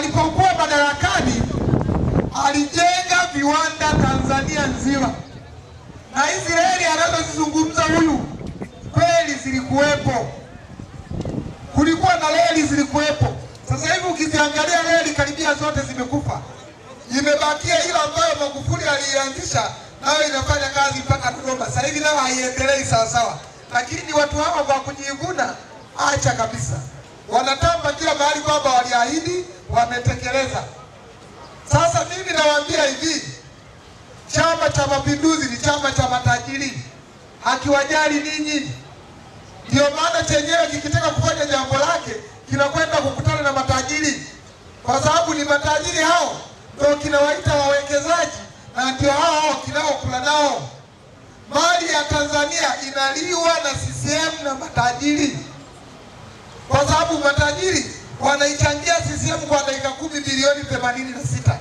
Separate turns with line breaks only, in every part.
alipokuwa madarakani alijenga viwanda Tanzania nzima, na hizi reli anazozizungumza huyu kweli zilikuwepo, kulikuwa na reli zilikuwepo. Sasa hivi ukiziangalia reli karibia zote zimekufa, imebakia ile ambayo Magufuli aliianzisha, nayo inafanya kazi mpaka Dodoma. Sasa hivi nayo haiendelei sawasawa, lakini watu hawa kwa kujivuna, acha kabisa wanatamba kila mahali kwamba waliahidi, wametekeleza. Sasa mimi nawaambia hivi, Chama cha Mapinduzi ni chama cha matajiri, hakiwajali ninyi. Ndio maana chenyewe kikitaka kufanya jambo lake kinakwenda kukutana na matajiri, kwa sababu ni matajiri hao ndio kinawaita wawekezaji, na ndio hao hao kinaokula nao. Mali ya Tanzania inaliwa na CCM na matajiri kwa sababu matajiri wanaichangia CCM kwa dakika kumi bilioni themanini na sita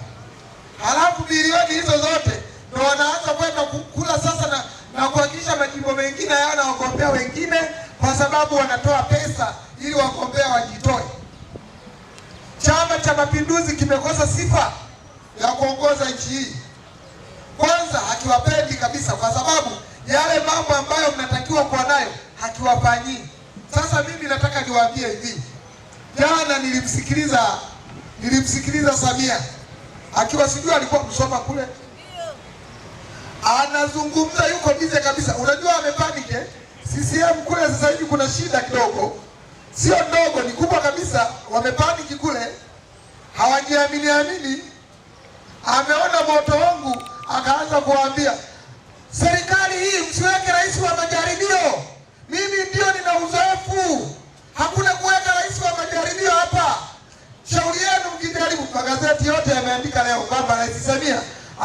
halafu bilioni hizo zote ndo wanaanza kwenda kula sasa na, na kuhakikisha majimbo mengine hayana wagombea wengine, kwa sababu wanatoa pesa ili wagombea wajitoe. Chama cha Mapinduzi kimekosa sifa ya kuongoza nchi hii. Kwanza hakiwapendi kabisa, kwa sababu yale mambo ambayo mnatakiwa kuwa nayo hakiwafanyii. Sasa mimi nataka niwaambie hivi, jana nilimsikiliza nilimsikiliza Samia akiwa sijui alikuwa Msoma kule anazungumza, yuko bize kabisa. Unajua amepanike eh? CCM kule sasa hivi kuna shida kidogo, sio ndogo, ni kubwa kabisa. Wamepaniki kule, hawajiamini amini. Ameona moto wangu, akaanza kuwaambia serikali hii msiweke rais wa majaribio.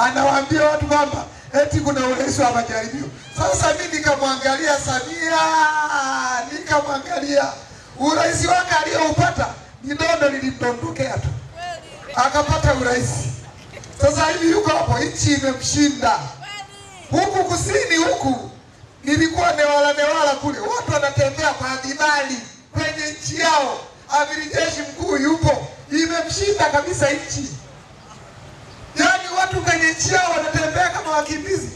anawaambia watu kwamba eti kuna urais wa majaribio. Sasa mimi nikamwangalia Samia, nikamwangalia urais wake aliyoupata ni dondo lilimdondokea tu, akapata urais. Sasa hivi yuko hapo, nchi imemshinda huku kusini huku, nilikuwa Newala Newala kule, watu wanatembea kwa adibali kwenye nchi yao, amiri jeshi mkuu yupo, imemshinda kabisa nchi watu kwenye njia wanatembea kama wakimbizi.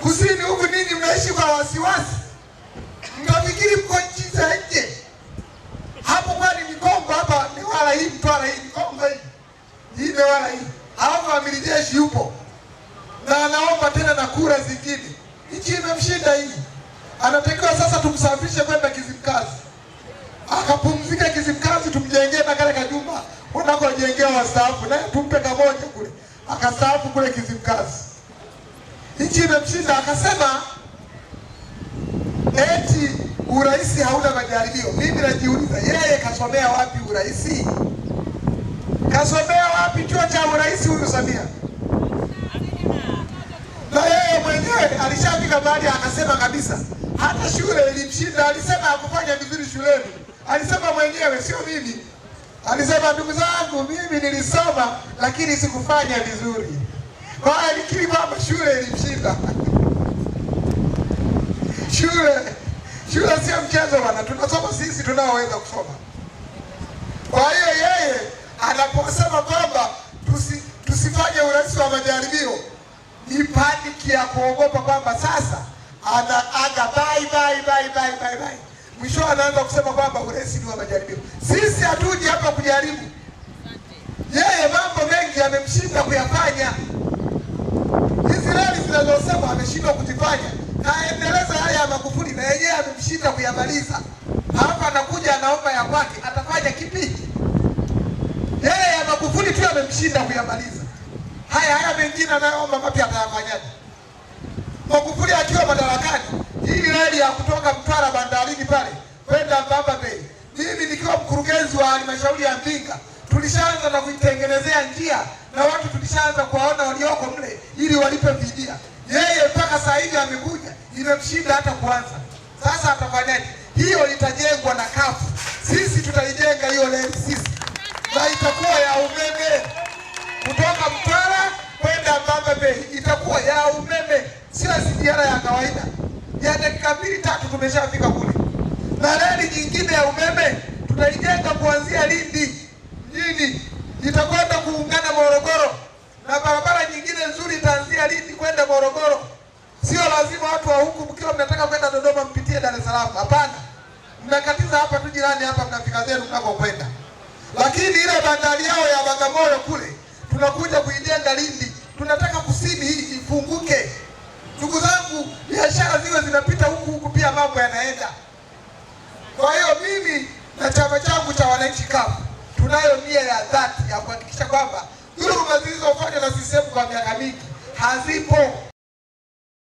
Kusini huku ninyi mnaishi kwa wasiwasi, mkafikiri mko nchi za nje. Hapo kwani Mikongo hapa ni wala hii Mtwara hii Mikongo hii ni wala hii, alafu amiri jeshi yupo na anaomba tena na kura zingine, nchi imemshinda hii, anatakiwa sasa tumsafishe kwenda Kizimkazi akapumzika Kizimkazi, tumjengee na kale kajumba wanakojengewa wastaafu, naye tumpe kamoja. kwa akastaafu kule Kizimkazi, nchi imemshinda, akasema eti urais hauna majaribio. Mimi najiuliza yeye kasomea wapi urais? Kasomea wapi chuo cha urais huyu Samia? Na yeye mwenyewe alishafika mahali akasema kabisa, hata shule ilimshinda. Alisema hakufanya vizuri shuleni, alisema mwenyewe, sio mimi. Alisema, ndugu zangu, mimi nilisoma lakini sikufanya vizuri. Kwa hiyo alikiri kwamba shule ilimshinda. Shule shule sio mchezo bwana, tunasoma sisi tunaoweza kusoma. Kwa hiyo yeye anaposema kwamba tusi, tusifanye urahisi wa majaribio ni paniki ya kuogopa kwamba sasa ana aga bye bye bye bye bye bye mwisho anaanza kusema kwamba uresi ni wa majaribio. Sisi hatuji hapa kujaribu, yeye mambo mengi amemshinda kuyafanya. Hizi reli zinazosema ameshindwa kuzifanya, aendeleza haya ya Magufuli na yeye amemshinda kuyamaliza. Hapa anakuja anaomba ya kwake, atafanya kipi? Yeye ya Magufuli tu amemshinda kuyamaliza. Haya haya mengine anayoomba mapya atayafanyaje? Magufuli akiwa madarakani, hii reli ya kutoka Mtwara mkurugenzi wa halmashauri ya Mbinga, tulishaanza na kuitengenezea njia na watu tulishaanza kuwaona walioko mle ili walipe fidia. Yeye mpaka sasa hivi amekuja, imemshinda hata kuanza. Sasa atafanyaje? Hiyo itajengwa na kafu, sisi tutaijenga hiyo leli sisi, na itakuwa ya umeme kutoka Mtwara kwenda Mbamba Bay, itakuwa ya umeme, sio ziara ya kawaida ya dakika mbili tatu, tumeshafika kule, na leli nyingine ya umeme tutaijenga kuanzia Lindi mjini, itakwenda kuungana Morogoro na barabara nyingine nzuri itaanzia Lindi kwenda Morogoro. Sio lazima watu wa huku mkiwa mnataka kwenda Dodoma mpitie Dar es Salaam, hapana. Mnakatiza hapa tu jirani hapa, mnafika zenu kwenda. Lakini ile bandari yao ya Bagamoyo kule tunakuja kuijenga Lindi, tunataka kusini hii ifunguke. Ndugu zangu, biashara ziwe zinapita huku huku, pia mambo yanaenda na chama changu cha wananchi kafu, tunayo nia ya dhati ya kuhakikisha kwamba dhuluma zilizofanywa na CCM kwa miaka mingi hazipo.